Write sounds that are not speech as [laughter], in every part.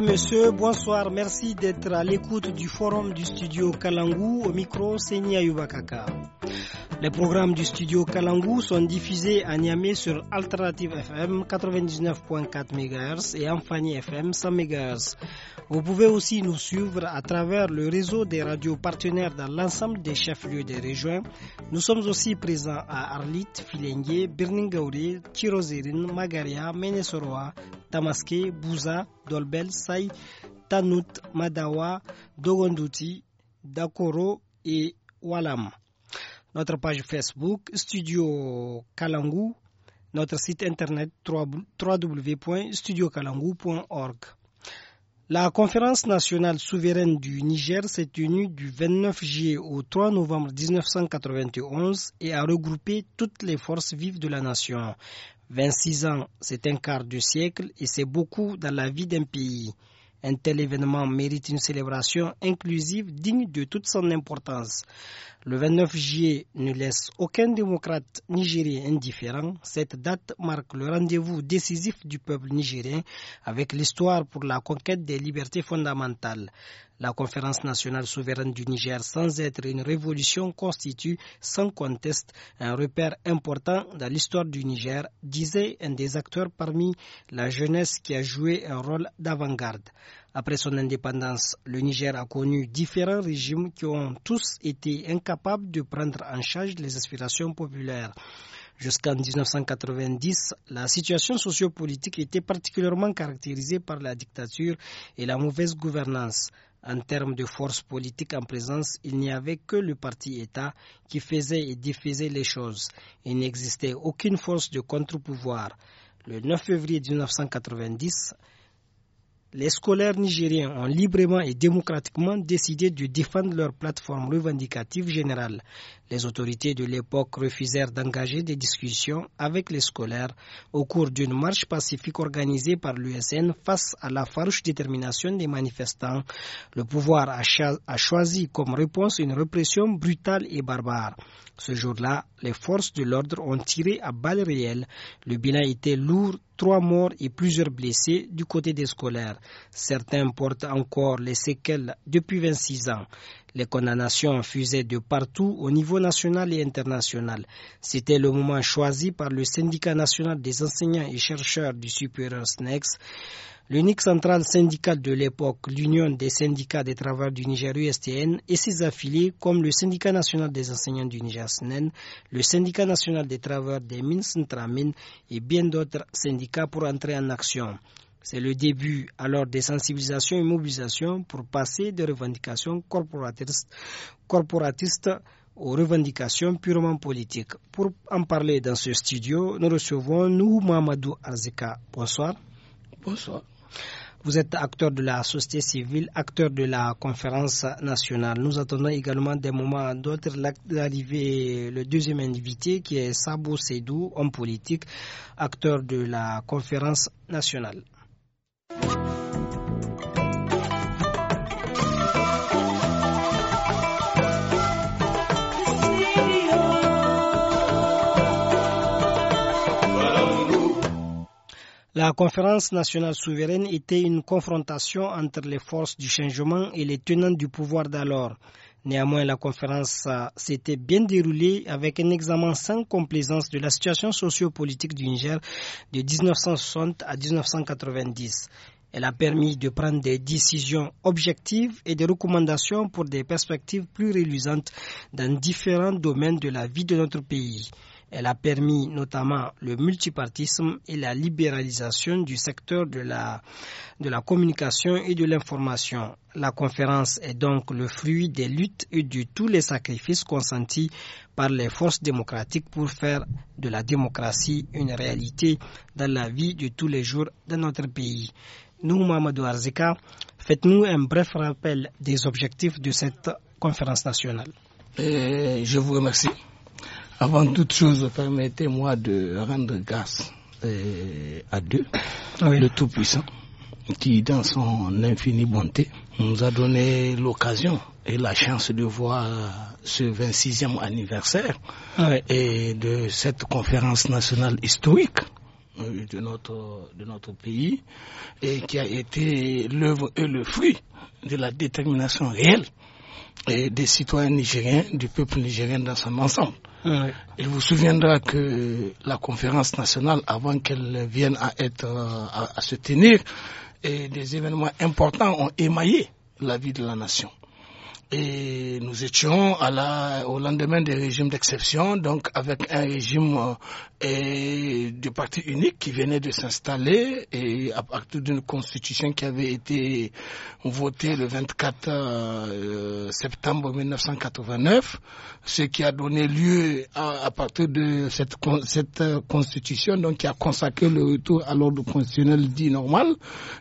Mesdames, Messieurs, bonsoir. Merci d'être à l'écoute du forum du studio Kalangou. Au micro, Senia Yubakaka. Les programmes du studio Kalangu sont diffusés à Niamey sur Alternative FM 99.4 MHz et Amphani FM 100 MHz. Vous pouvez aussi nous suivre à travers le réseau des radios partenaires dans l'ensemble des chefs-lieux des régions. Nous sommes aussi présents à Arlit, Filengue, Birningauri, Tirozirin, Magaria, Menesoroa, Tamaské, Bouza, Dolbel, Saï, Tanout, Madawa, Dogondouti, Dakoro et Walam notre page Facebook Studio Kalangu, notre site internet www.studiokalangu.org. La conférence nationale souveraine du Niger s'est tenue du 29 juillet au 3 novembre 1991 et a regroupé toutes les forces vives de la nation. 26 ans, c'est un quart de siècle et c'est beaucoup dans la vie d'un pays. Un tel événement mérite une célébration inclusive digne de toute son importance. Le 29 juillet ne laisse aucun démocrate nigérien indifférent. Cette date marque le rendez-vous décisif du peuple nigérien avec l'histoire pour la conquête des libertés fondamentales. La conférence nationale souveraine du Niger, sans être une révolution, constitue sans conteste un repère important dans l'histoire du Niger, disait un des acteurs parmi la jeunesse qui a joué un rôle d'avant-garde. Après son indépendance, le Niger a connu différents régimes qui ont tous été incapables de prendre en charge les aspirations populaires. Jusqu'en 1990, la situation sociopolitique était particulièrement caractérisée par la dictature et la mauvaise gouvernance. En termes de force politique en présence, il n'y avait que le parti État qui faisait et diffusait les choses. Il n'existait aucune force de contre-pouvoir. Le 9 février 1990, les scolaires nigériens ont librement et démocratiquement décidé de défendre leur plateforme revendicative générale. Les autorités de l'époque refusèrent d'engager des discussions avec les scolaires au cours d'une marche pacifique organisée par l'USN face à la farouche détermination des manifestants. Le pouvoir a, choisi comme réponse une répression brutale et barbare. Ce jour-là, les forces de l'ordre ont tiré à balles réelles. Le bilan était lourd, trois morts et plusieurs blessés du côté des scolaires. Certains portent encore les séquelles depuis 26 ans. Les condamnations fusaient de partout au niveau national et international. C'était le moment choisi par le syndicat national des enseignants et chercheurs du supérieur SNEX l'unique centrale syndicale de l'époque, l'Union des syndicats des travailleurs du Niger USTN et ses affiliés comme le syndicat national des enseignants du Niger SNEN, e le syndicat national des travailleurs des mines Centramines et bien d'autres syndicats pour entrer en action. C'est le début alors des sensibilisations et mobilisations pour passer des revendications corporatistes, aux revendications purement politiques. Pour en parler dans ce studio, nous recevons nous Mamadou Azeka. Bonsoir. Bonsoir. Vous êtes acteur de la société civile, acteur de la conférence nationale. Nous attendons également des moments d'autres l'arrivée le deuxième invité qui est Sabo Seydou, homme politique, acteur de la conférence nationale. La conférence nationale souveraine était une confrontation entre les forces du changement et les tenants du pouvoir d'alors. Néanmoins, la conférence euh, s'était bien déroulée avec un examen sans complaisance de la situation sociopolitique du Niger de 1960 à 1990. Elle a permis de prendre des décisions objectives et des recommandations pour des perspectives plus reluisantes dans différents domaines de la vie de notre pays. Elle a permis notamment le multipartisme et la libéralisation du secteur de la, communication et de l'information. La conférence est donc le fruit des luttes et de tous les sacrifices consentis par les forces démocratiques pour faire de la démocratie une réalité dans la vie de tous les jours de notre pays. Nous, Mamadou Arzika, faites-nous un bref rappel des objectifs de cette conférence nationale. Euh, je vous remercie. Avant toute chose, permettez-moi de rendre grâce eh, à Dieu, le Tout-Puissant, qui, dans son infinie bonté, nous a donné l'occasion et la chance de voir ce 26e anniversaire et eh, de cette conférence nationale historique euh, de notre, pays et qui a été l'œuvre et le fruit de la détermination réelle eh, des citoyens nigériens, du peuple nigérien dans son ensemble. Euh, il vous souviendra que la conférence nationale, avant qu'elle vienne à être euh, à, se tenir, et des événements importants ont émaillé la vie de la nation et nous étions à la, au lendemain des régimes d'exception, donc avec un régime euh, du parti unique qui venait de s'installer et à partir d'une constitution qui avait été votée le 24 euh, septembre 1989, ce qui a donné lieu à, partir de cette, cette euh, constitution, donc qui a consacré le retour à l'ordre constitutionnel dit normal.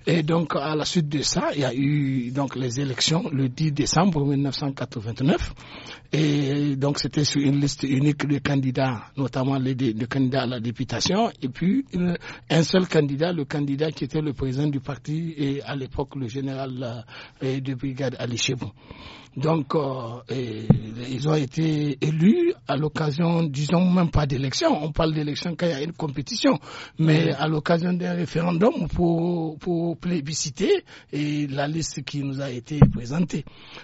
Et donc à la suite de ça, il y a eu donc les élections le 10 décembre 1989. Et donc c'était sur une liste unique de candidats, notamment les, candidats à la députation, et puis un seul candidat, le candidat qui était le président du parti, et à l'époque le général euh, de brigade Ali donc, euh, ils ont été élus à l'occasion, disons même pas d'élection. On parle d'élection quand il y a une compétition, mais à l'occasion d'un référendum pour, pour plébisciter et la liste qui nous a été présentée.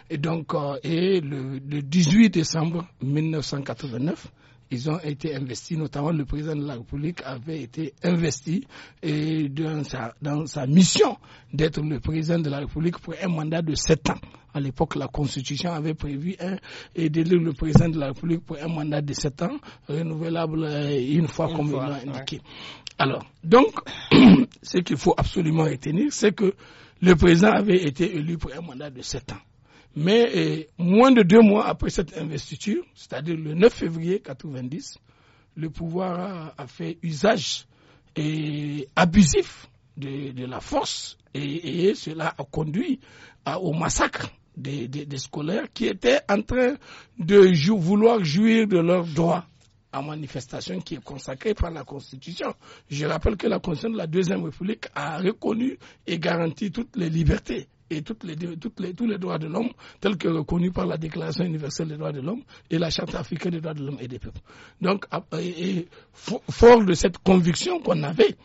Et donc, euh, et le 18 décembre 1989, ils ont été investis, notamment le président de la République avait été investi et dans, sa, mission d'être le président de la République pour un mandat de 7 ans. À l'époque, la Constitution avait prévu un, et d'élire le président de la République pour un mandat de 7 ans, renouvelable euh, une fois comme il l'a indiqué. Alors, donc, [clears throat] ce qu'il faut absolument retenir, c'est que le président avait été élu pour un mandat de 7 ans. Mais euh, moins de deux mois après cette investiture, c'est-à-dire le 9 février 90, le pouvoir a, fait usage euh, abusif de, la force et, cela a conduit au massacre des, scolaires qui étaient en train de vouloir jouir de leurs droits à manifestation qui est consacrée par la Constitution. Je rappelle que la Constitution de la Deuxième République a reconnu et garanti toutes les libertés et toutes les, tous les droits de l'homme tels que reconnus par la Déclaration universelle des droits de l'homme et la Charte africaine des droits de l'homme et des peuples. Donc, fort de cette conviction qu'on avait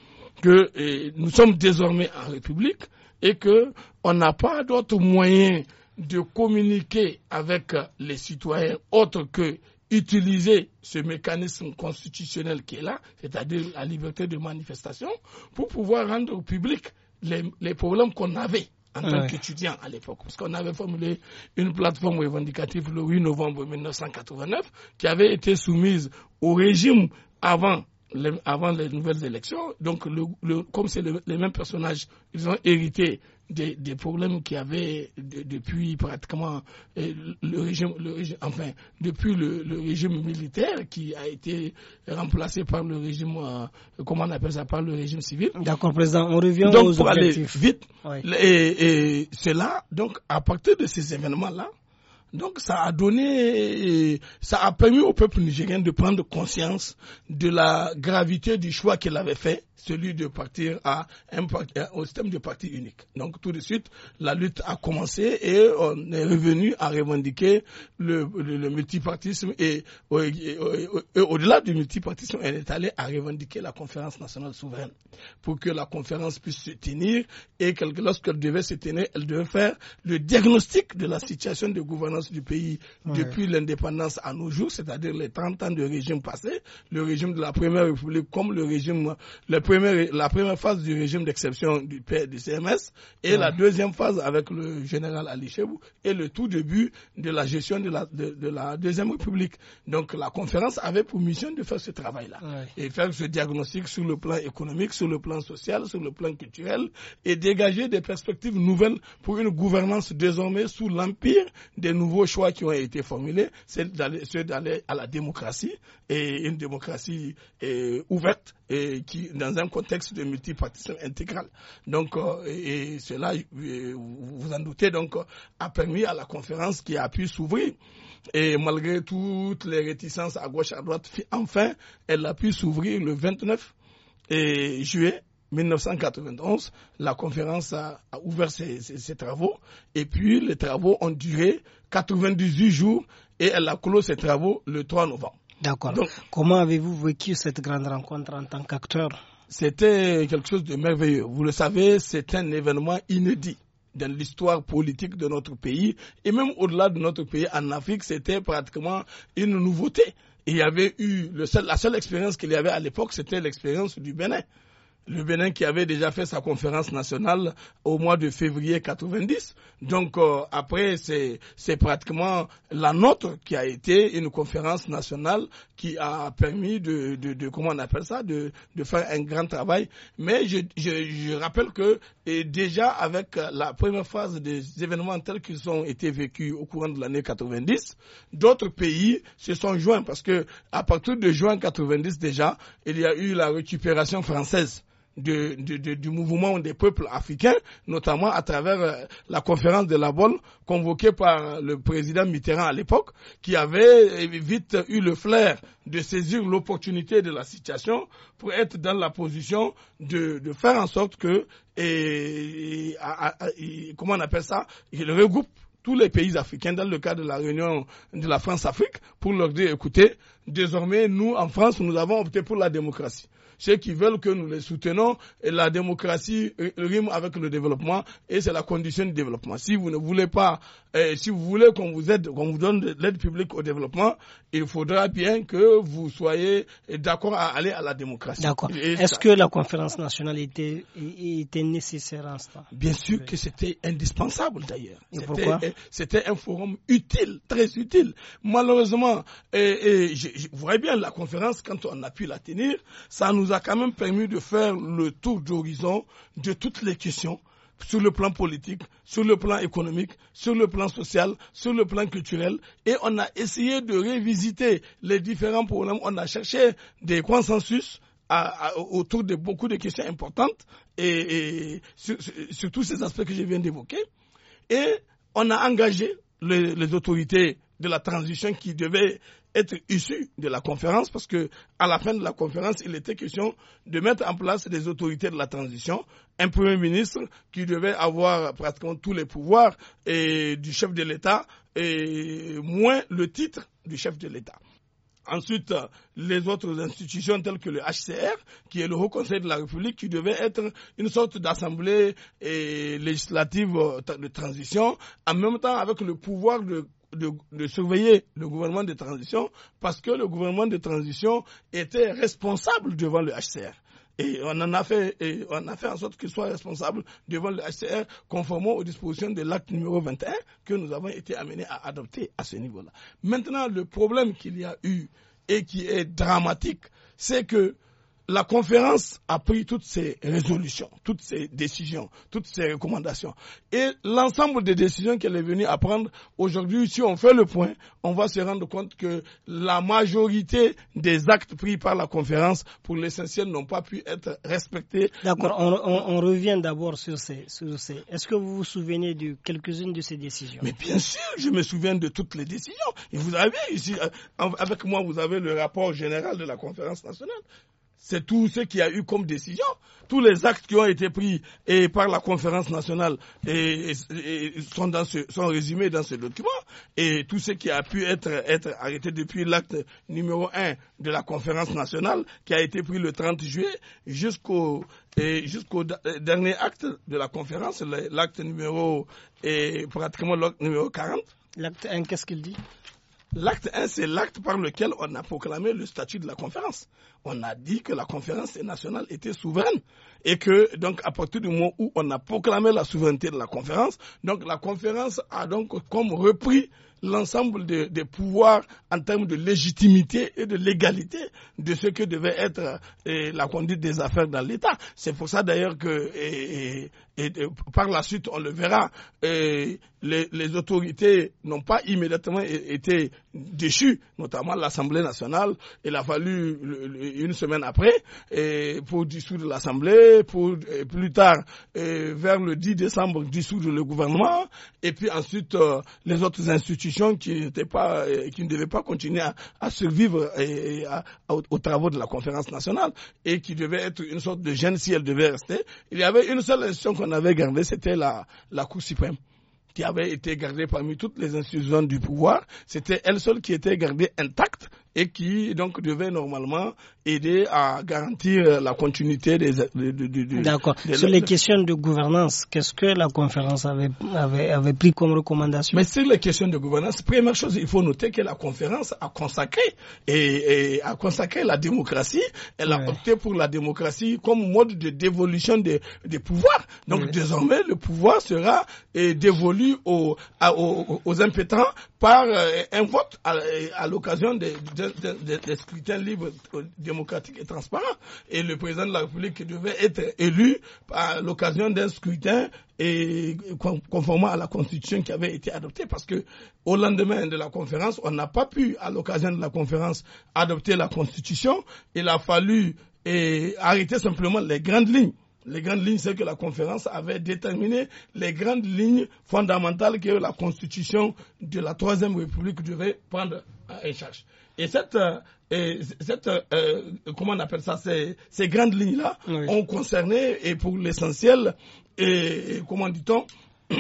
que eh, nous sommes désormais en République et qu'on n'a pas d'autre moyen de communiquer avec les citoyens autre que utiliser ce mécanisme constitutionnel qui est là, c'est-à-dire la liberté de manifestation, pour pouvoir rendre au public les problèmes qu'on avait en tant qu'étudiant à l'époque. Parce qu'on avait formulé une plateforme revendicative le 8 novembre 1989 qui avait été soumise au régime avant les, nouvelles élections. Donc, comme c'est les mêmes personnages, ils ont hérité des, des problèmes qu'il y avait depuis pratiquement euh, le régime, le enfin depuis le, régime militaire qui a été remplacé par le régime euh, comment on appelle ça par le régime civil. D'accord, président, on revient donc, pour aller vite. Et, et donc à partir de ces événements là. Donc ça a donné, ça a permis au peuple nigérien de prendre conscience de la gravité du choix qu'il avait fait celui de partir à un, euh, au système de parti unique. Donc tout de suite, la lutte a commencé et on est revenu à revendiquer le, le, multipartisme et, au-delà du multipartisme, elle est allée à revendiquer la conférence nationale souveraine pour que la conférence puisse se tenir et que lorsqu'elle devait se tenir, elle devait faire le diagnostic de la situation de gouvernance du pays depuis l'indépendance à nos jours, c'est-à-dire les 30 ans de régime passé, le régime de la Première République comme le régime, le la première phase du régime d'exception du, père du CMS et la deuxième phase avec le général Ali Chebou et le tout début de la gestion de la, de, la Deuxième République. Donc la conférence avait pour mission de faire ce travail-là et faire ce diagnostic sur le plan économique, sur le plan social, sur le plan culturel et dégager des perspectives nouvelles pour une gouvernance désormais sous l'empire des nouveaux choix qui ont été formulés, ceux d'aller à la démocratie et une démocratie euh, ouverte et qui dans dans un contexte de multipartisme intégral. Donc, euh, et, cela, euh, vous vous en doutez, donc, euh, a permis à la conférence qui a pu s'ouvrir. Et malgré toutes les réticences à gauche, à droite, enfin, elle a pu s'ouvrir le 29 et juillet 1991, la conférence a, ouvert ses, ses, travaux et puis les travaux ont duré 98 jours et elle a clos ses travaux le 3 novembre. D'accord. Comment avez-vous vécu cette grande rencontre en tant qu'acteur c'était quelque chose de merveilleux. Vous le savez, c'est un événement inédit dans l'histoire politique de notre pays et même au-delà de notre pays en Afrique, c'était pratiquement une nouveauté. il y avait eu la seule expérience qu'il y avait à l'époque, c'était l'expérience du Bénin le Bénin qui avait déjà fait sa conférence nationale au mois de février 90. Donc euh, après, c'est pratiquement la nôtre qui a été une conférence nationale qui a permis de, de, comment on appelle ça, de, de, faire un grand travail. Mais je, je, rappelle que déjà avec la première phase des événements tels qu'ils ont été vécus au courant de l'année 90, d'autres pays se sont joints parce que à partir de juin 90 déjà, il y a eu la récupération française du mouvement des peuples africains, notamment à travers euh, la conférence de la Bonne convoquée par euh, le président Mitterrand à l'époque, qui avait euh, vite eu le flair de saisir l'opportunité de la situation pour être dans la position de, de faire en sorte que, comment on appelle ça, il regroupe tous les pays africains dans le cadre de la réunion de la France-Afrique pour leur dire, écoutez, désormais, nous, en France, nous avons opté pour la démocratie ceux qui veulent que nous les soutenons, et la démocratie rime avec le développement et c'est la condition du développement. Si vous ne voulez pas, euh, si vous voulez qu'on vous aide, qu'on vous donne de l'aide publique au développement, il faudra bien que vous soyez d'accord à aller à la démocratie. D'accord. Est-ce que la conférence nationale était, nécessaire en ce temps Bien sûr que c'était indispensable d'ailleurs. C'était un forum utile, très utile. Malheureusement, et, je, je, bien la conférence quand on a pu la tenir, ça nous nous a quand même permis de faire le tour d'horizon de toutes les questions sur le plan politique, sur le plan économique, sur le plan social, sur le plan culturel. Et on a essayé de révisiter les différents problèmes. On a cherché des consensus autour de beaucoup de questions importantes et, sur, tous ces aspects que je viens d'évoquer. Et on a engagé les autorités de la transition qui devaient être issu de la conférence parce que à la fin de la conférence, il était question de mettre en place des autorités de la transition, un premier ministre qui devait avoir pratiquement tous les pouvoirs et du chef de l'État et moins le titre du chef de l'État. Ensuite, les autres institutions telles que le HCR, qui est le Haut Conseil de la République, qui devait être une sorte d'assemblée eh, législative euh, de transition, en même temps avec le pouvoir de de, surveiller le gouvernement de transition parce que le gouvernement de transition était responsable devant le HCR. Et on en a fait, on a fait en sorte qu'il soit responsable devant le HCR, conformément aux dispositions de l'acte numéro 21 que nous avons été amenés à adopter à ce niveau-là. Maintenant, le problème qu'il y a eu et qui est dramatique, c'est que la conférence a pris toutes ces résolutions, toutes ces décisions, toutes ces recommandations. Et l'ensemble des décisions qu'elle est venue à prendre, aujourd'hui, si on fait le point, on va se rendre compte que la majorité des actes pris par la conférence, pour l'essentiel, n'ont pas pu être respectés. D'accord, on, on, revient d'abord sur ces, sur ces. Est-ce que vous vous souvenez de quelques-unes de ces décisions Mais bien sûr, je me souviens de toutes les décisions. Et vous avez ici, euh, avec moi, vous avez le rapport général de la conférence nationale. C'est tout ce qui a eu comme décision. Tous les actes qui ont été pris par la conférence nationale sont, résumés dans ce document. Et tout ce qui a pu être, arrêté depuis l'acte numéro 1 de la conférence nationale qui a été pris le 30 juillet jusqu'au euh, dernier acte de la conférence, l'acte numéro, et pratiquement l'acte numéro 40. L'acte 1, qu'est-ce qu'il dit L'acte 1, c'est l'acte par lequel on a proclamé le statut de la conférence on a dit que la conférence nationale était souveraine et que donc à partir du moment où on a proclamé la souveraineté de la conférence, donc la conférence a donc comme repris l'ensemble des pouvoirs en termes de légitimité et de légalité de ce que devait être euh, la conduite des affaires dans l'État. C'est pour ça d'ailleurs que et, par la suite, on le verra, euh, les, autorités n'ont pas immédiatement été déchues, notamment l'Assemblée nationale. Il a fallu une semaine après et pour dissoudre l'Assemblée, pour plus tard vers le 10 décembre dissoudre le gouvernement et puis ensuite euh, les autres institutions qui n'étaient pas euh, qui ne devaient pas continuer à, survivre et, aux, travaux de la conférence nationale et qui devaient être une sorte de gêne si elles devaient rester. Il y avait une seule institution qu'on avait gardée, c'était la Cour suprême qui avait été gardée parmi toutes les institutions du pouvoir, c'était elle seule qui était gardée intacte et qui donc devait normalement aider à garantir la continuité des. D'accord. sur les questions de gouvernance, qu'est-ce que la conférence avait, avait, avait pris comme recommandation Mais sur les questions de gouvernance, première chose, il faut noter que la conférence a consacré et, a consacré la démocratie. Elle a opté pour la démocratie comme mode de dévolution des pouvoirs. Donc désormais, le pouvoir sera euh, dévolu aux, aux, aux impétents par un euh, vote à, l'occasion des, scrutin libre, démocratique scrutins libres, euh, démocratiques et transparents. Et le président de la République devait être élu à l'occasion d'un scrutin et conformément à la constitution qui avait été adoptée parce que au lendemain de la conférence, on n'a pas pu, à l'occasion de la conférence, adopter la constitution. Il a fallu arrêter simplement les grandes lignes les grandes lignes, c'est que la conférence avait déterminé les grandes lignes fondamentales que la constitution de la Troisième République devait prendre en charge. Et cette, euh, euh, comment on appelle ça, ces, grandes lignes-là ont concerné, et pour l'essentiel, et comment dit-on, [clears throat]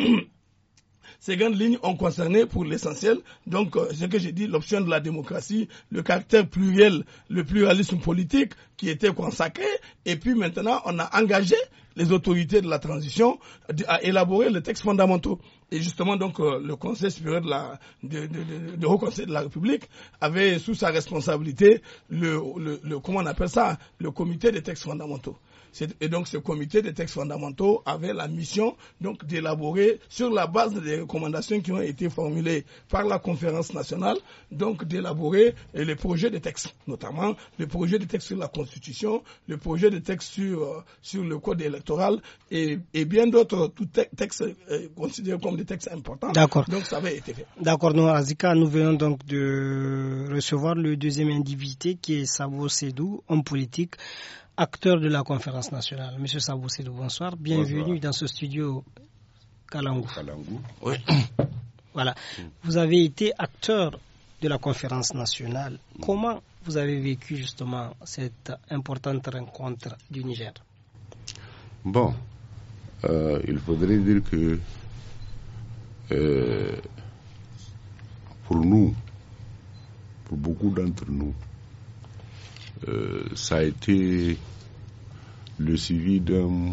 Ces grandes lignes ont concerné pour l'essentiel, donc, euh, ce que j'ai dit, l'option de la démocratie, le caractère pluriel, le pluralisme politique qui était consacré. Et puis maintenant, on a engagé les autorités de la transition à élaborer les textes fondamentaux. Et justement, donc, euh, le Conseil supérieur de la, Haut Conseil de la République avait sous sa responsabilité le, comment on appelle ça, le comité des textes fondamentaux. Et donc ce comité des textes fondamentaux avait la mission d'élaborer sur la base des recommandations qui ont été formulées par la conférence nationale, donc d'élaborer euh, les projets de textes, notamment le projet de texte sur la constitution, le projet de texte euh, sur, le code électoral et, bien d'autres textes euh, considérés comme des textes importants. D'accord. Donc ça avait été fait. D'accord, nous, Azika, nous venons donc de recevoir le deuxième individu qui est Savo Sedou, homme politique acteur de la conférence nationale. Monsieur Saboussidou, bonsoir. Bienvenue dans ce studio Kalangou. Kalangou. Oui. [coughs] Voilà. Vous avez été acteur de la conférence nationale. Mm. Comment vous avez vécu justement cette importante rencontre du Niger Bon, euh, il faudrait dire que euh, pour nous, pour beaucoup d'entre nous, euh, ça a été le suivi d'un,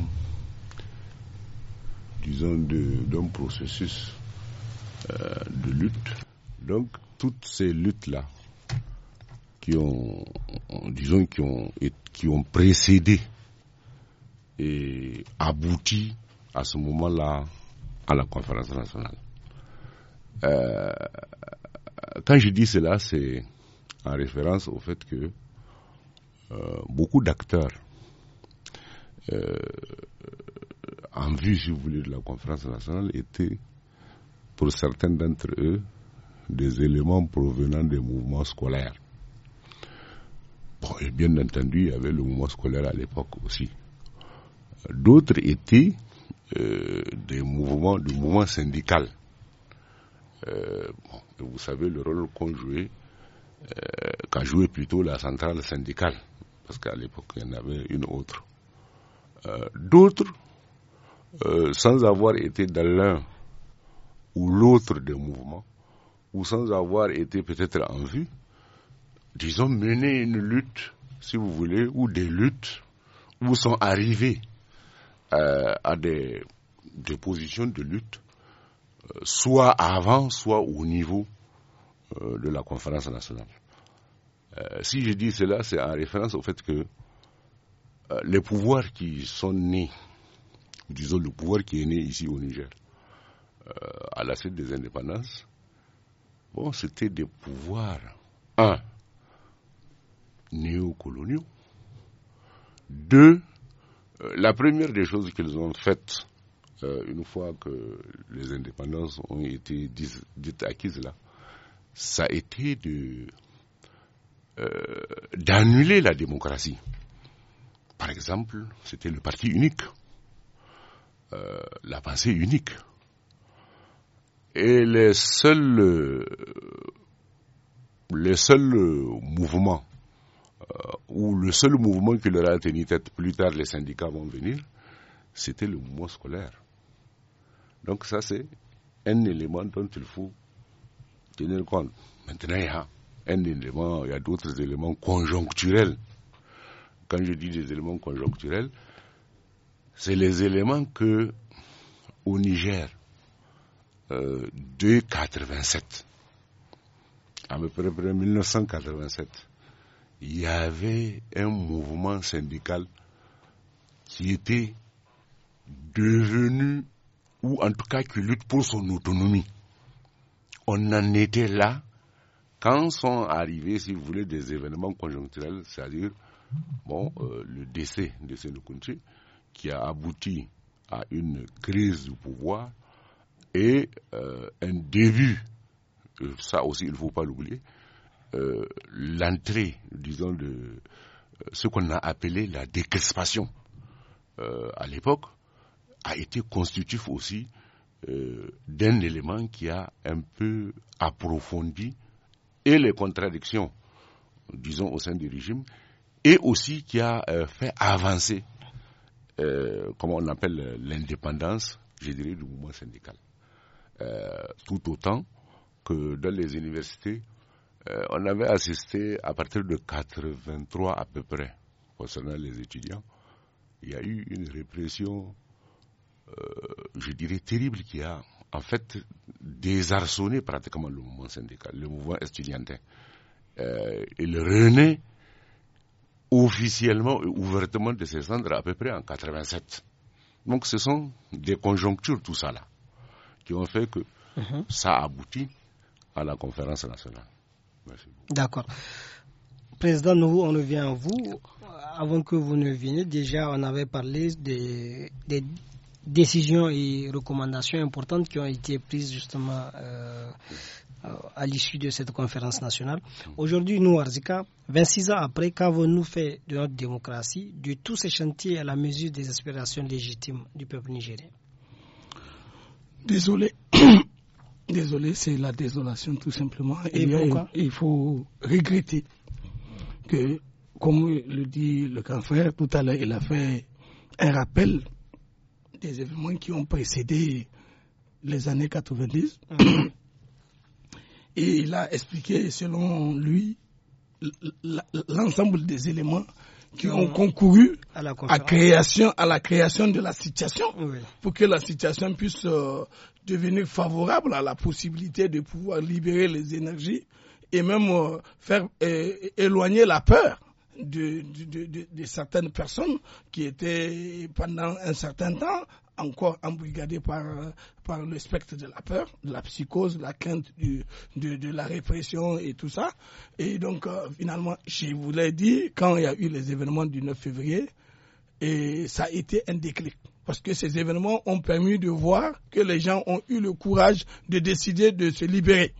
disons, d'un processus euh, de lutte. Donc, toutes ces luttes-là qui ont, disons, qui ont, qui ont précédé et abouti à ce moment-là à la conférence nationale. Euh, quand je dis cela, c'est en référence au fait que euh, beaucoup d'acteurs euh, en vue, si vous voulez, de la conférence nationale étaient, pour certains d'entre eux, des éléments provenant des mouvements scolaires. et bien entendu, il y avait le mouvement scolaire à l'époque aussi. D'autres étaient euh, des mouvements, du mouvement syndical. vous savez le rôle qu'ont joué, qu'a joué plutôt la centrale syndicale parce qu'à l'époque, il y en avait une autre. Euh, d'autres, euh, sans avoir été dans l'un ou l'autre des mouvements, ou sans avoir été peut-être en vue, disons, mener une lutte, si vous voulez, ou des luttes, ou sont arrivés euh, à des, positions de lutte, soit avant, soit au niveau de la conférence nationale. Euh, si je dis cela, c'est en référence au fait que euh, les pouvoirs qui sont nés, disons le pouvoir qui est né ici au Niger, euh, à la suite des indépendances, bon, c'était des pouvoirs, un, néocoloniaux, deux, la première des choses qu'ils ont faites, une fois que les indépendances ont été dites acquises là, ça a été de euh, d'annuler la démocratie. Par exemple, c'était le parti unique, euh, la pensée unique. Et les seuls, euh, les seuls mouvements, ou le seul mouvement qui leur a tenu tête, plus tard les syndicats vont venir, c'était le mouvement scolaire. Donc ça, c'est un élément dont il faut tenir compte. Maintenant, il y a un élément, il y a d'autres éléments conjoncturels. Quand je dis des éléments conjoncturels, c'est les éléments que, au Niger, euh, de 1987, à peu près 1987, il y avait un mouvement syndical qui était devenu, ou en tout cas qui lutte pour son autonomie. On en était là quand sont arrivés, si vous voulez, des événements conjoncturels, c'est-à-dire bon, euh, le décès de country, qui a abouti à une crise du pouvoir et euh, un début, euh, ça aussi il ne faut pas l'oublier, l'entrée, disons, de ce qu'on a appelé la décrispation à l'époque, a été constitutif aussi d'un élément qui a un peu approfondi et les contradictions, disons, au sein du régime, et aussi qui a euh, fait avancer, euh, comment on appelle, euh, l'indépendance, je dirais, du mouvement syndical. tout autant que dans les universités, on avait assisté à partir de 83 à peu près, concernant les étudiants, il y a eu une répression, je dirais, terrible qui a en fait, désarçonné pratiquement le mouvement syndical, le mouvement étudiant. Euh, il renaît officiellement et ouvertement de ses cendres à peu près en 87. Donc ce sont des conjonctures, tout ça là, qui ont fait que mhm. ça aboutit à la conférence nationale. D'accord. Président nous on revient à vous. Avant que vous ne veniez, déjà, on avait parlé des décisions et recommandations importantes qui ont été prises justement euh, euh, à l'issue de cette conférence nationale. Aujourd'hui, nous, Arzika, 26 ans après, qu'avons-nous fait de notre démocratie, de tous ces chantiers à la mesure des aspirations légitimes du peuple nigérien Désolé. [coughs] Désolé, c'est la désolation tout simplement. il faut regretter que, comme le dit le grand frère tout à l'heure, il a fait un rappel des événements qui ont précédé les années 90. [coughs] Et il a expliqué, selon lui, l'ensemble des éléments qui ont concouru à la, création, à la création de la situation pour que la situation puisse euh, devenir favorable à la possibilité de pouvoir libérer les énergies et même euh, faire euh, éloigner la peur de, certaines personnes qui étaient pendant un certain temps encore embrigadées par, par le spectre de la peur, de la psychose, de la crainte de, la répression et tout ça. Et donc, euh, finalement, je vous l'ai dit, quand il y a eu les événements du 9 février, et ça a été un déclic parce que ces événements ont permis de voir que les gens ont eu le courage de décider de se libérer.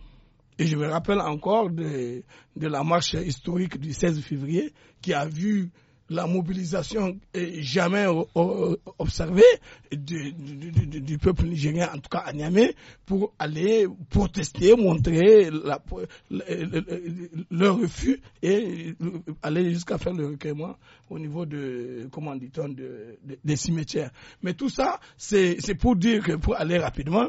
Et je me rappelle encore de, la marche historique du 16 février qui a vu la mobilisation euh, jamais observée du, peuple nigérien, en tout cas à Niamey, pour aller protester, montrer la, le, refus et aller jusqu'à faire le recueillement au niveau de, comment dit-on, de, des cimetières. Mais tout ça, c'est pour dire que, pour aller rapidement,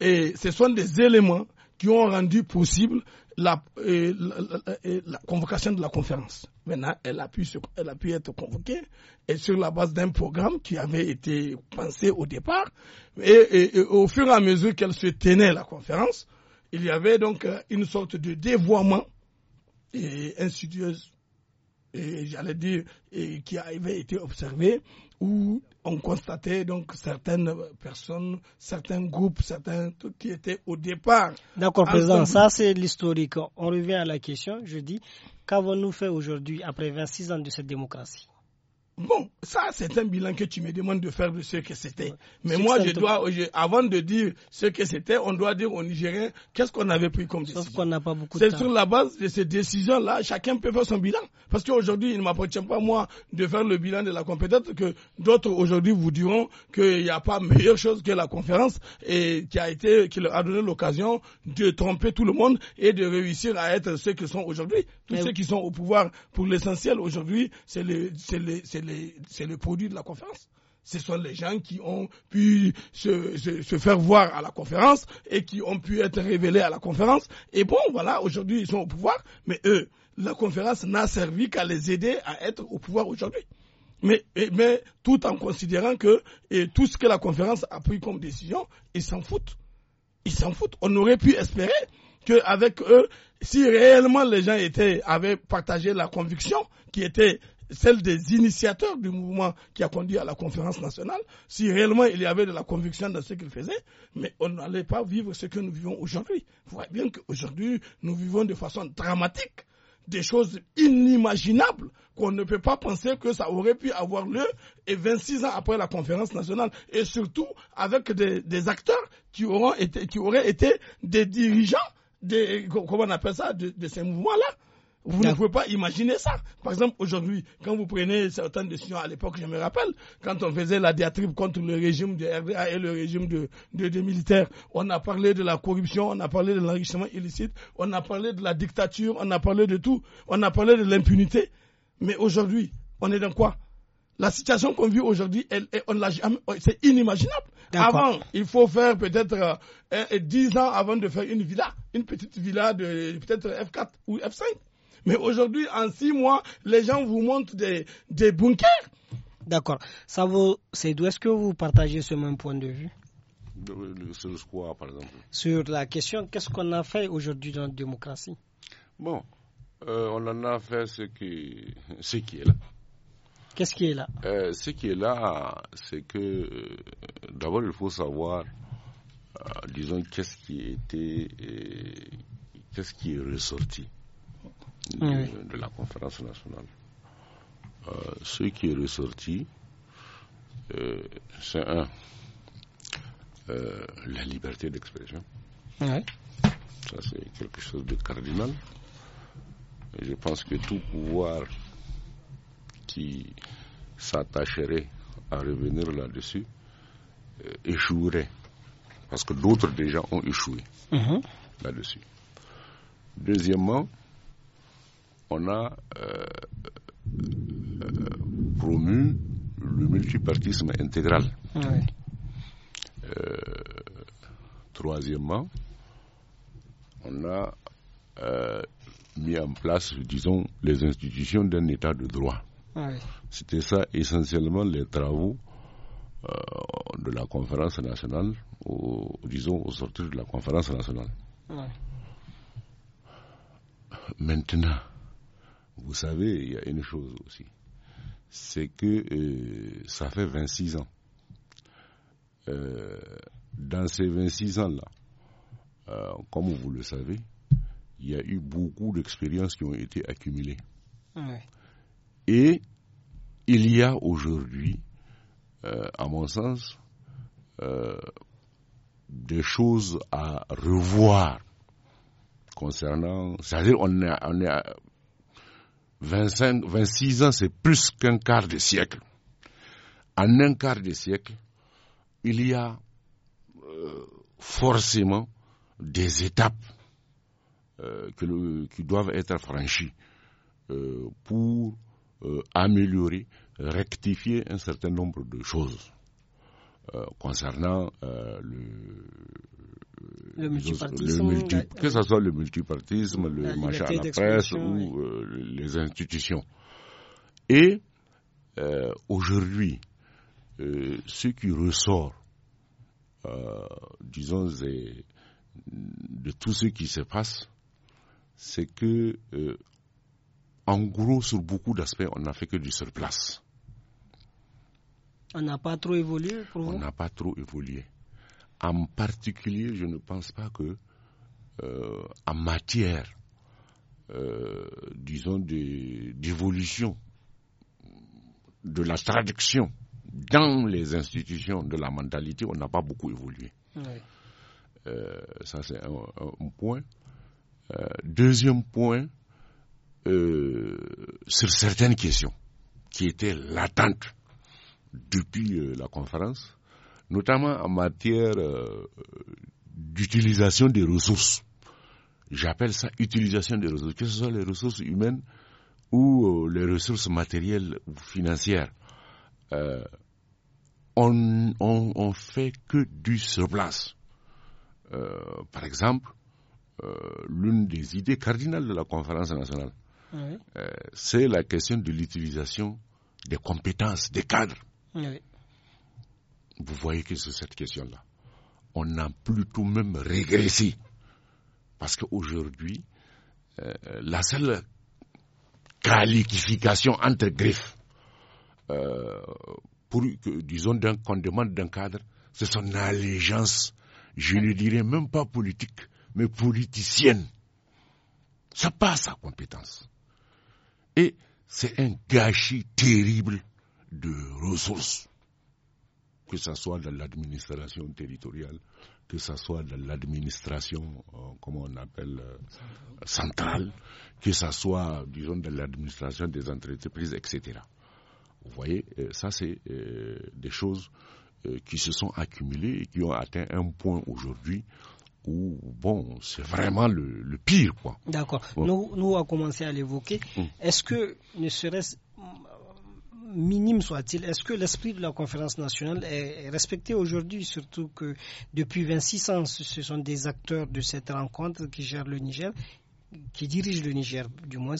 et ce sont des éléments qui ont rendu possible euh, euh, la, convocation de la conférence. Maintenant, elle a, pu, être convoquée sur la base d'un programme qui avait été pensé au départ. Et, au fur et à mesure qu'elle se tenait, la conférence, il y avait donc euh, une sorte de dévoiement et insidieuse, et j'allais dire, qui avait été observé où on constatait donc certaines personnes, certains groupes, certains tout qui étaient au départ. D'accord, président, ça c'est l'historique. On revient à la question. Je dis, qu'avons-nous fait aujourd'hui après 26 ans de cette démocratie Bon, ça, c'est un bilan que tu me demandes de faire de ce que c'était. Mais moi, je dois, avant de dire ce que c'était, on doit dire aux Nigériens qu'est-ce qu'on avait pris comme décision. C'est sur la base de ces décisions-là, chacun peut faire son bilan. Parce qu'aujourd'hui, il ne m'appartient pas, moi, de faire le bilan de la compétence que d'autres aujourd'hui vous diront qu'il n'y a pas meilleure chose que la conférence et qui a été, qui leur a donné l'occasion de tromper tout le monde et de réussir à être ceux qui sont aujourd'hui. Tous ceux qui sont au pouvoir, pour l'essentiel aujourd'hui, c'est le, c'est c'est le produit de la conférence. Ce sont les gens qui ont pu se, faire voir à la conférence et qui ont pu être révélés à la conférence. Et bon, voilà, aujourd'hui ils sont au pouvoir, mais eux, la conférence n'a servi qu'à les aider à être au pouvoir aujourd'hui. Mais, mais, tout en considérant que et tout ce que la conférence a pris comme décision, ils s'en foutent. Ils s'en foutent. On aurait pu espérer qu'avec eux, si réellement les gens étaient, avaient partagé la conviction qui était celle des initiateurs du mouvement qui a conduit à la conférence nationale, si réellement il y avait de la conviction dans ce qu'il faisait, mais on n'allait pas vivre ce que nous vivons aujourd'hui. Vous voyez bien qu'aujourd'hui, nous vivons de façon dramatique des choses inimaginables qu'on ne peut pas penser que ça aurait pu avoir lieu et 26 ans après la conférence nationale et surtout avec des, acteurs qui qui auraient été des dirigeants des comment on appelle ça de ces mouvements là vous ne pouvez pas imaginer ça. Par exemple, aujourd'hui, quand vous prenez certaines décisions à l'époque, je me rappelle, quand on faisait la diatribe contre le régime de RDA et le régime de, militaires, on a parlé de la corruption, on a parlé de l'enrichissement illicite, on a parlé de la dictature, on a parlé de tout, on a parlé de l'impunité. Mais aujourd'hui, on est dans quoi la situation qu'on vit aujourd'hui, oh, c'est inimaginable. Avant, il faut faire peut-être 10 euh, ans avant de faire une villa, une petite villa de peut-être F4 ou F5. Mais aujourd'hui, en six mois, les gens vous montrent des, bunkers. D'accord. Ça vous, c'est d'où est-ce que vous partagez ce même point de vue Sur quoi, par exemple Sur la question, qu'est-ce qu'on a fait aujourd'hui dans la démocratie Bon, euh, on en a fait ce qui, [laughs] ce qui est là. Qu'est-ce qui est là euh, Ce qui est là, c'est que euh, d'abord, il faut savoir, disons, qu'est-ce qui était, qu'est-ce qui est ressorti de, la conférence nationale. Euh, ce qui est ressorti, euh, c'est un, euh, la liberté d'expression. Ça, c'est quelque chose de cardinal. je pense que tout pouvoir qui s'attacherait à revenir là-dessus échouerait. Parce que d'autres déjà ont échoué mm-hmm. là-dessus. Deuxièmement, on a euh, euh, promu le multipartisme intégral. Euh, troisièmement, on a mis en place, disons, les institutions d'un État de droit. C'était ça essentiellement les travaux de la conférence nationale, disons, au sortir de la conférence nationale. Maintenant, vous savez, il y a une chose aussi, c'est que euh, ça fait 26 ans. Euh, dans ces 26 ans-là, euh, comme vous le savez, il y a eu beaucoup d'expériences qui ont été accumulées. Et il y a aujourd'hui, à mon sens, des choses à revoir concernant. C'est-à-dire, on, on est, 25, 26 ans, c'est plus qu'un quart de siècle. En un quart de siècle, il y a euh, forcément des étapes euh, qui doivent être franchies euh, pour améliorer, rectifier un certain nombre de choses concernant le, que ce soit le multipartisme, le machin à la presse ou euh, les institutions. Et euh, aujourd'hui, euh, ce qui ressort, disons, de tout ce qui se passe, c'est que, en gros, sur beaucoup d'aspects, on n'a fait que du surplace. On n'a pas trop évolué On n'a pas trop évolué. En particulier, je ne pense pas que euh, en matière, euh, disons, d'évolution de, la traduction dans les institutions de la mentalité, on n'a pas beaucoup évolué. Euh, ça, c'est un, point. deuxième point, sur certaines questions qui étaient latentes depuis la conférence, notamment en matière euh, d'utilisation des ressources. J'appelle ça utilisation des ressources, que ce soit les ressources humaines ou euh, les ressources matérielles ou financières. Euh, on, on, fait que du surplace. place. par exemple, l'une des idées cardinales de la conférence nationale, c'est la question de l'utilisation des compétences des cadres. Vous voyez que sur cette question-là. On a plutôt même régressé. Parce qu'aujourd'hui, euh, la seule qualification entre griffes, euh, pour, disons, qu'on demande d'un cadre, c'est son allégeance, je ne dirais même pas politique, mais politicienne. Ça passe sa compétence. Et c'est un gâchis terrible de ressources que ce soit dans l'administration territoriale, que ce soit dans l'administration, euh, on appelle, euh, centrale, que ce soit, disons, dans l'administration des entreprises, etc. Vous voyez, euh, ça, c'est des choses qui se sont accumulées et qui ont atteint un point aujourd'hui où, bon, c'est vraiment le, pire, quoi. D'accord. Nous, nous, on a commencé à l'évoquer. Mmh. Est-ce que, ne serait-ce minime soit-il, est-ce que l'esprit de la conférence nationale est respecté aujourd'hui, surtout que depuis 26 ans, ce sont des acteurs de cette rencontre qui gèrent le Niger qui dirigent le Niger, du moins,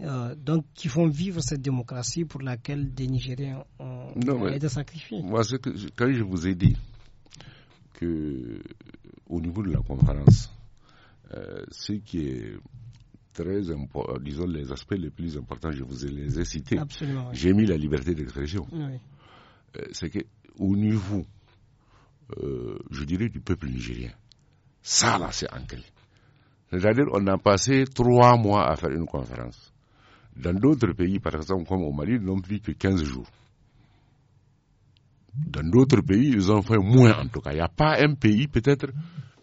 euh, donc qui font vivre cette démocratie pour laquelle des Nigériens ont été sacrifiés. quand je vous ai dit que niveau de la conférence, euh, ce qui est très euh, disons les aspects les plus importants, je vous les ai cités. J'ai mis la liberté d'expression. Euh, c'est que au niveau, euh, je dirais, du peuple nigérien, ça là, c'est ancré. C'est-à-dire, on a passé trois mois à faire une conférence. Dans d'autres pays, par exemple, comme au Mali, ils n'ont plus que 15 jours. Dans d'autres pays, ils ont fait moins, en tout cas. Il n'y a pas un pays, peut-être,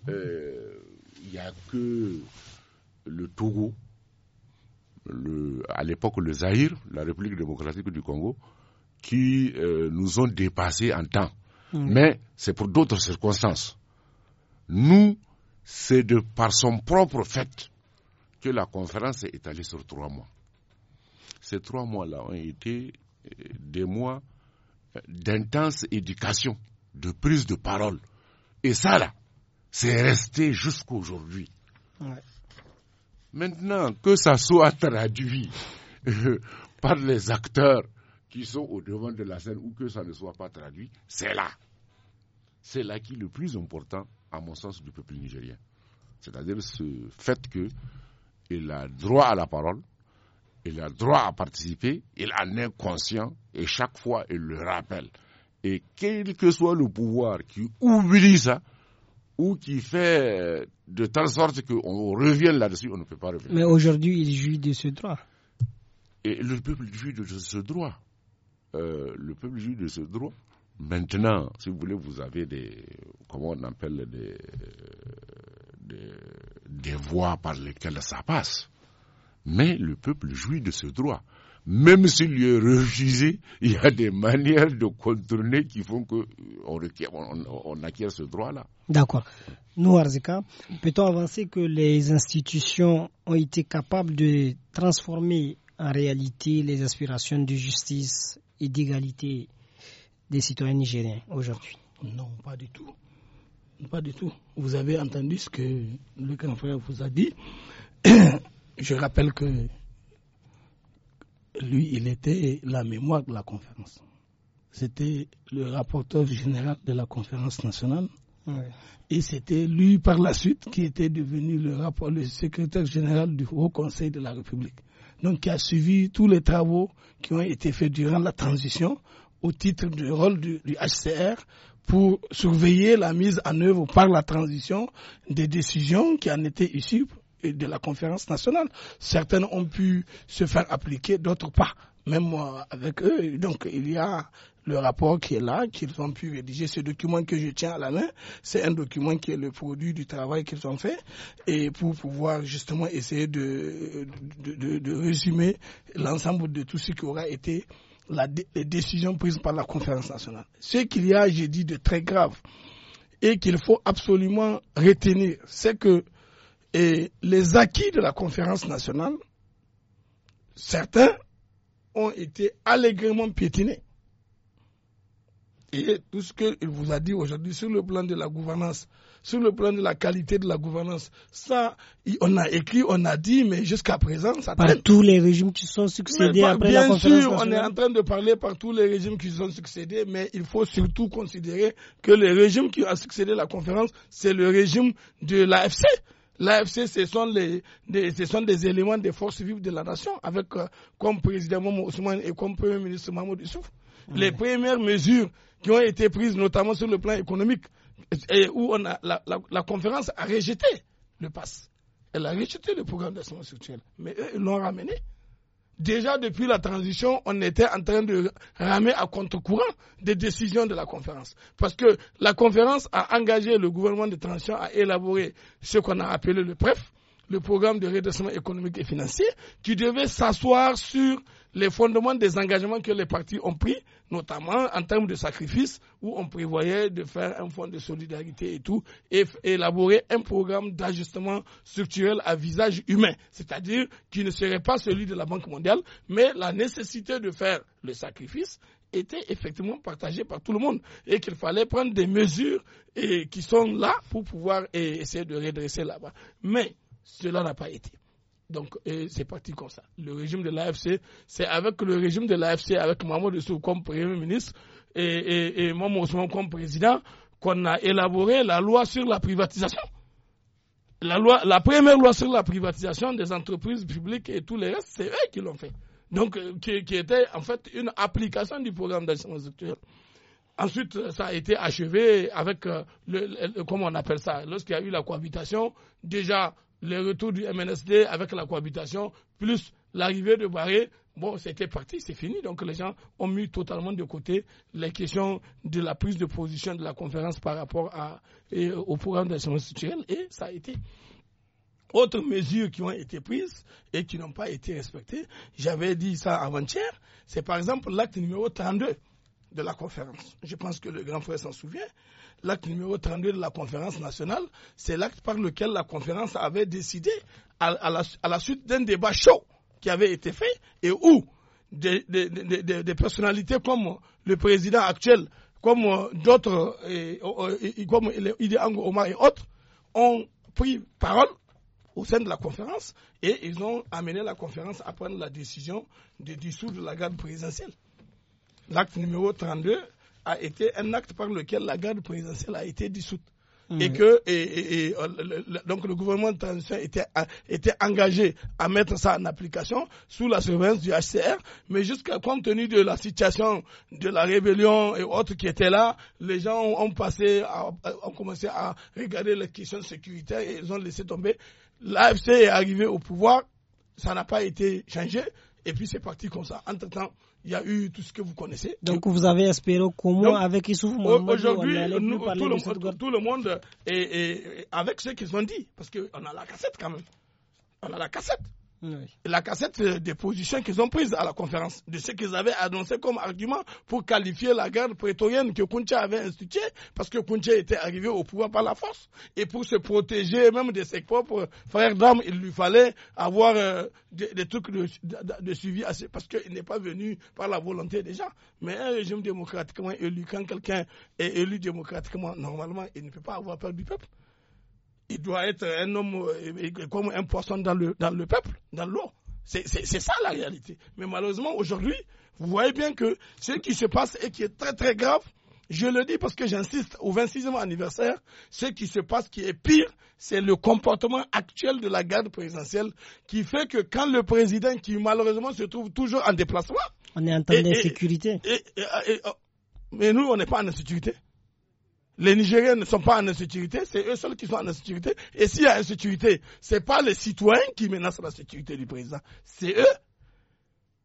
il n'y a que le Togo, le, à l'époque le Zahir, la République démocratique du Congo, qui euh, nous ont dépassés en temps. Mm. Mais c'est pour d'autres circonstances. Nous, c'est de par son propre fait que la conférence est étalée sur trois mois. Ces trois mois-là ont été euh, des mois euh, d'intense éducation, de prise de parole. Et ça, là, c'est resté jusqu'aujourd'hui. Maintenant, que ça soit traduit euh, par les acteurs qui sont au devant de la scène ou que ça ne soit pas traduit, c'est là. C'est là qui est le plus important, à mon sens, du peuple nigérien. C'est-à-dire ce fait que il a droit à la parole, il a droit à participer, il en est conscient et chaque fois il le rappelle. Et quel que soit le pouvoir qui oublie ça, ou qui fait euh, de telle sorte qu'on revienne là-dessus, on ne peut pas revenir. Mais aujourd'hui, il jouit de ce droit. Et le peuple jouit de ce droit. Euh, le peuple jouit de ce droit. Maintenant, si vous voulez, vous avez des, comment on appelle, des, euh, des voies par lesquelles ça passe. Mais le peuple jouit de ce droit même s'il lui est refusé, il y a des manières de contourner qui font qu'on acquiert ce droit-là. D'accord. Nous, Arzika, peut-on avancer que les institutions ont été capables de transformer en réalité les aspirations de justice et d'égalité des citoyens nigériens aujourd'hui Non, pas du tout. Pas du tout. Vous avez entendu ce que le grand frère vous a dit. [coughs] Je rappelle que lui, il était la mémoire de la conférence. C'était le rapporteur général de la conférence nationale. Et c'était lui par la suite qui était devenu le, rapport, le secrétaire général du Haut Conseil de la République. Donc qui a suivi tous les travaux qui ont été faits durant la transition au titre du rôle du HCR pour surveiller la mise en œuvre par la transition des décisions qui en étaient issues de la conférence nationale. Certaines ont pu se faire appliquer, d'autres pas. Même moi, euh, avec eux, donc il y a le rapport qui est là, qu'ils ont pu rédiger. Ce document que je tiens à la main, c'est un document qui est le produit du travail qu'ils ont fait et pour pouvoir justement essayer de, de, résumer l'ensemble de tout ce qui aura été la, les décisions prises par la conférence nationale. Ce qu'il y a, j'ai dit, de très grave et qu'il faut absolument retenir, c'est que et les acquis de la conférence nationale, certains ont été allègrement piétinés. Et tout ce qu'il vous a dit aujourd'hui sur le plan de la gouvernance, sur le plan de la qualité de la gouvernance, ça, on a écrit, on a dit, mais jusqu'à présent, ça Par tous les régimes qui sont succédés après bien la conférence sûr, on est en train de parler par tous les régimes qui sont succédés, mais il faut surtout considérer que le régime qui a succédé à la conférence, c'est le régime de l'AFC. L'AFC, ce, sont des, éléments des forces vives de la nation, avec euh, comme président Momo Ousmane et comme premier ministre Mahmoud Dissouf, mmh. Les premières mesures qui ont été prises, notamment sur le plan économique, et où la, conférence a rejeté le pass. Elle a rejeté le programme d'assurance structurelle. Mais eux, ils l'ont ramené. Déjà depuis la transition, on était en train de ramer à contre-courant des décisions de la conférence. Parce que la conférence a engagé le gouvernement de transition à élaborer ce qu'on a appelé le PREF, le programme de redressement économique et financier, qui devait s'asseoir sur les fondements des engagements que les partis ont pris, notamment en termes de sacrifice, où on prévoyait de faire un fonds de solidarité et tout, et élaborer un programme d'ajustement structurel à visage humain, c'est-à-dire qui ne serait pas celui de la Banque mondiale, mais la nécessité de faire le sacrifice était effectivement partagée par tout le monde et qu'il fallait prendre des mesures qui sont là pour pouvoir essayer de redresser là-bas. Mais cela n'a pas été. Donc, c'est parti comme ça. Le régime de l'AFC, c'est avec le régime de l'AFC, avec Mamadou Dessou comme Premier ministre et, et, et comme président, qu'on a élaboré la loi sur la privatisation. La, loi, la première loi sur la privatisation des entreprises publiques et tous les reste, c'est eux qui l'ont fait. Donc, euh, qui, était en fait une application du programme d'action structurelle. Ensuite, ça a été achevé avec, euh, le, comment on appelle ça, lorsqu'il y a eu la cohabitation, déjà le retour du MNSD avec la cohabitation, plus l'arrivée de Barré, bon, c'était parti, c'est fini. Donc les gens ont mis totalement de côté les questions de la prise de position de la conférence par rapport à, au programme d'assurance structurelle et ça a été. Autres mesures qui ont été prises et qui n'ont pas été respectées, j'avais dit ça avant-hier, c'est par exemple l'acte numéro 32 de la conférence. Je pense que le grand frère s'en souvient l'acte numéro 32 de la conférence nationale, c'est l'acte par lequel la conférence avait décidé, à, la, suite d'un débat chaud qui avait été fait, et où des, personnalités comme le président actuel, comme d'autres, comme Idi Omar et autres, ont pris parole au sein de la conférence et ils ont amené la conférence à prendre la décision de dissoudre la garde présidentielle. L'acte numéro 32 a été un acte par lequel la garde présidentielle a été dissoute. Mmh. Et que et, euh, donc le gouvernement de était, engagé à mettre ça en application sous la surveillance du HCR, mais jusqu'à compte tenu de la situation de la rébellion et autres qui étaient là, les gens ont passé, euh, ont commencé à regarder les questions sécuritaires et ils ont laissé tomber. L'AFC est arrivé au pouvoir, ça n'a pas été changé et puis c'est parti comme ça. Entre temps, il y a eu tout ce que vous connaissez. Donc vous avez espéré comment avec Issouf Aujourd'hui, tout, tout, le monde est, est avec ce qu'ils ont dit, parce qu'on a la cassette quand même. On a la cassette. La cassette euh, des positions qu'ils ont prises à la conférence, de ce qu'ils avaient annoncé comme argument pour qualifier la guerre prétorienne que Kuncha avait instituée, parce que Kuncha était arrivé au pouvoir par la force, et pour se protéger même de ses propres frères d'armes, il lui fallait avoir euh, des, trucs de, de suivi, assez, parce qu'il n'est pas venu par la volonté des gens. Mais un régime démocratiquement élu, quand quelqu'un est élu démocratiquement, normalement, il ne peut pas avoir peur du peuple il doit être un homme euh, comme un poisson dans le, peuple, dans l'eau. C'est ça la réalité. Mais malheureusement, aujourd'hui, vous voyez bien que ce qui se passe et qui est très très grave, je le dis parce que j'insiste au 26e anniversaire, ce qui se passe qui est pire, c'est le comportement actuel de la garde présidentielle qui fait que quand le président, qui malheureusement se trouve toujours en déplacement, on est en temps d'insécurité. Oh, mais nous, on n'est pas en insécurité les Nigériens ne sont pas en insécurité, c'est eux seuls qui sont en insécurité. Et s'il y a insécurité, ce n'est pas les citoyens qui menacent la sécurité du président, c'est eux.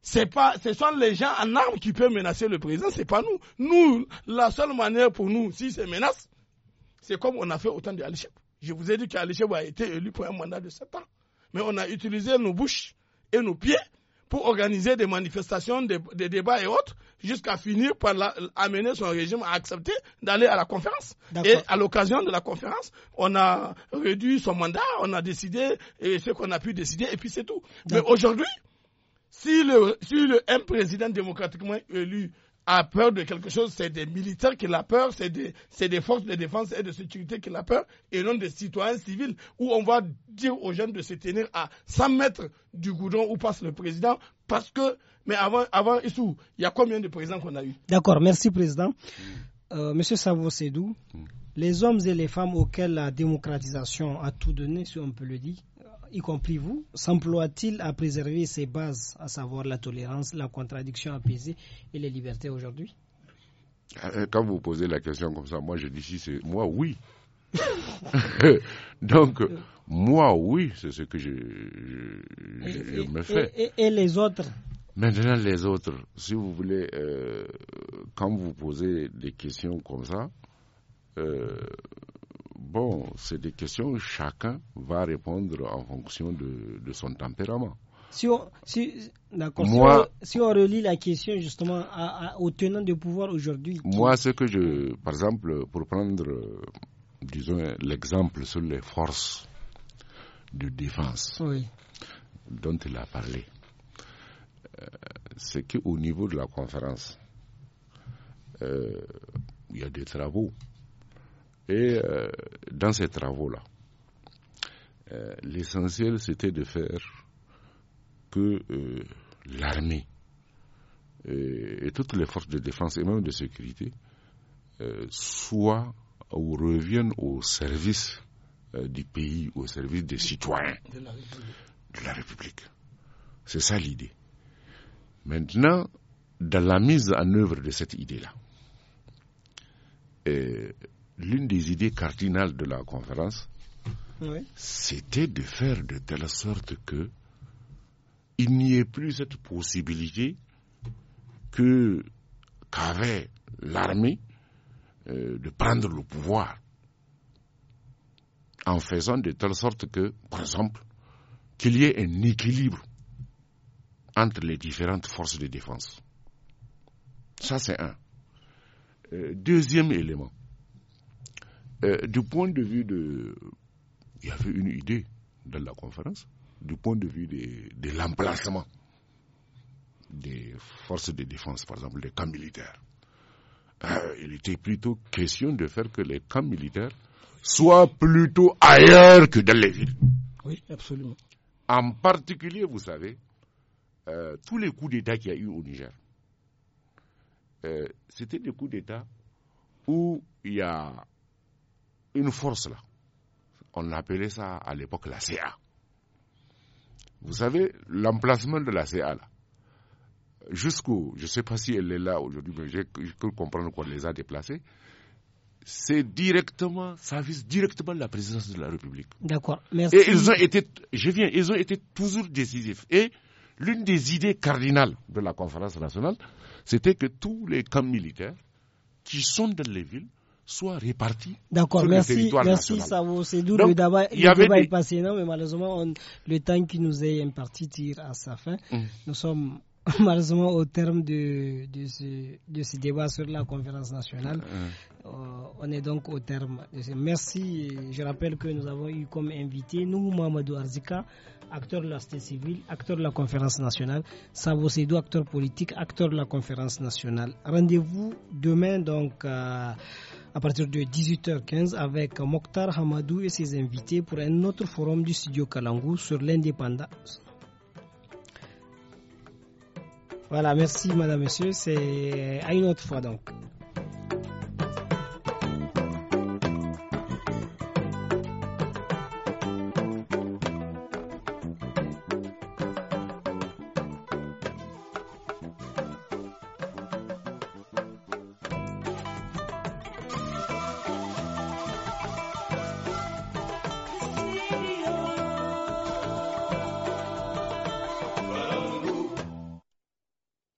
ce sont les gens en armes qui peuvent menacer le président, c'est pas nous. Nous, la seule manière pour nous, si c'est menace, c'est comme on a fait au temps de Je vous ai dit Cheb a été élu pour un mandat de sept ans. Mais on a utilisé nos bouches et nos pieds pour organiser des manifestations, des, débats et autres, jusqu'à finir par amener son régime à accepter d'aller à la conférence. Et à l'occasion de la conférence, on a réduit son mandat, on a décidé et ce qu'on a pu décider, et puis c'est tout. Mais aujourd'hui, si le, si le, un président démocratiquement élu a peur de quelque chose, c'est des militaires qui l'a peur, c'est des, forces de défense et de sécurité qui l'a peur, et non des citoyens civils, où on va dire aux jeunes de se tenir à 100 mètres du goudron où passe le président, parce que, mais avant, avant il y a combien de présidents qu'on a eu D'accord, merci président. Euh, monsieur Savo Sédou, mm. les hommes et les femmes auxquels la démocratisation a tout donné, si on peut le dire, y compris vous, s'emploie-t-il à préserver ses bases, à savoir la tolérance, la contradiction apaisée et les libertés aujourd'hui euh, Quand vous posez la question comme ça, moi je dis si c'est moi oui. [laughs] Donc, moi oui, c'est ce que je, me fais. Et, les autres Maintenant, les autres, si vous voulez, euh, quand vous posez des questions comme ça, euh, Bon, c'est des questions où chacun va répondre en fonction de, son tempérament. Si on, relie la question justement au tenant de pouvoir aujourd'hui. Moi, ce que je. Par exemple, pour prendre, disons, l'exemple sur les forces de défense dont il a parlé, euh, c'est qu'au niveau de la conférence, euh, il y a des travaux et euh, dans ces travaux-là, euh, l'essentiel c'était de faire que euh, l'armée et, toutes les forces de défense et même de sécurité soient ou reviennent au service du pays, au service des citoyens de la République. République. C'est ça l'idée. Maintenant, dans la mise en œuvre de cette idée-là, l'une des idées cardinales de la conférence, c'était de faire de telle sorte que il n'y ait plus cette possibilité que qu'avait l'armée euh, de prendre le pouvoir en faisant de telle sorte que, par exemple, qu'il y ait un équilibre entre les différentes forces de défense. Ça, c'est un. Euh, deuxième élément, euh, du point de vue de. Il y avait une idée dans la conférence, du point de vue de, l'emplacement des forces de défense, par exemple des camps militaires. Euh, il était plutôt question de faire que les camps militaires soient plutôt ailleurs que dans les villes. Oui, absolument. En particulier, vous savez, euh, tous les coups d'État qu'il y a eu au Niger, c'était des coups d'État où il y a une force là. On appelait ça à l'époque la CA. Vous savez, l'emplacement de la CA là, jusqu'où, je ne sais pas si elle est là aujourd'hui, mais je peux comprendre qu'on les a déplacés, c'est directement, ça vise directement la présidence de la République. D'accord, merci. Et ils ont été, je viens, ils ont été toujours décisifs. Et l'une des idées cardinales de la conférence nationale, c'était que tous les camps militaires qui sont dans les villes soit répartis D'accord, merci, merci Savo Sedou. Le débat, le est passé, mais malheureusement, le temps qui nous est imparti tire à sa fin. Mm. Nous sommes [laughs] malheureusement au terme de, de, ce, débat sur la conférence nationale. Mm. Euh, on est donc au terme. Merci. Je rappelle que nous avons eu comme invité, nous, Mamadou Arzika, acteur de la société civile, acteur de la conférence nationale, Savo Sedou, acteur politique, acteur de la conférence nationale. Rendez-vous demain, donc à partir de 18h15 avec Mokhtar Hamadou et ses invités pour un autre forum du studio Kalangou sur l'indépendance. Voilà, merci madame, monsieur, c'est à une autre fois donc.